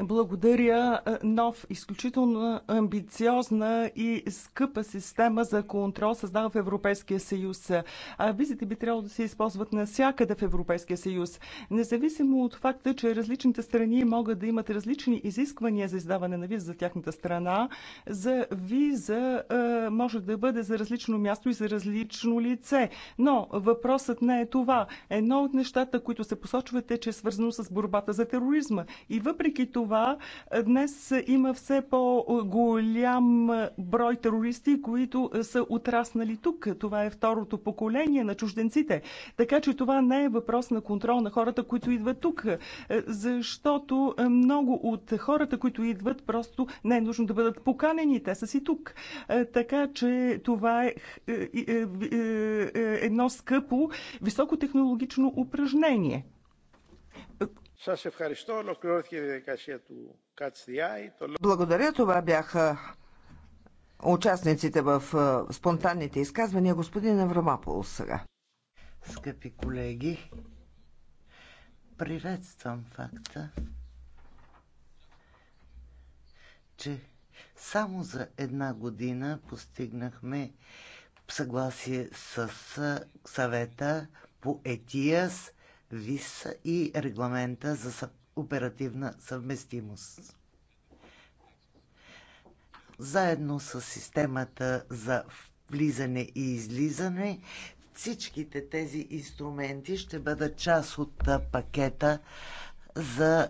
[SPEAKER 5] благодаря
[SPEAKER 7] е, нов, изключително амбициозна и скъпа система за контрол създава в Европейския съюз. А визите би трябвало да се използват навсякъде в Европейския съюз. Независимо от факта, че различните страни могат да имат различни изисквания за издаване на виза за тяхната страна, за виза е, може да бъде за различно място и за различно лице. Но въпросът не е това. Едно от нещата, които се посочват е, че е свързано с борбата за тероризма. И въпреки това, е, днес има все по-голям е, брой терористи, които е, са отраснали тук. Това е второто поколение на чужденците. Така че това не е въпрос на контрол на хората, които идват тук, защото много от хората, които идват, просто не е нужно да бъдат поканени. Те са си тук. Така че това е едно скъпо, високотехнологично упражнение.
[SPEAKER 5] Благодаря, това бяха участниците в е, спонтанните изказвания. Господин Аврамапол сега. Скъпи колеги,
[SPEAKER 6] приветствам факта, че само за една година постигнахме съгласие с е, съвета по ЕТИАС ВИС и регламента за оперативна съвместимост. Заедно с системата за влизане и излизане, всичките тези инструменти ще бъдат част от пакета за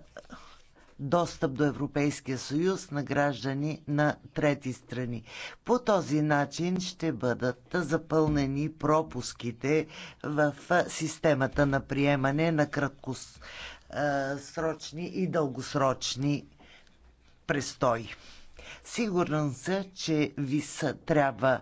[SPEAKER 6] достъп до Европейския съюз на граждани на трети страни. По този начин ще бъдат запълнени пропуските в системата на приемане на краткосрочни и дългосрочни престои. Сигурен съм, че ви са, трябва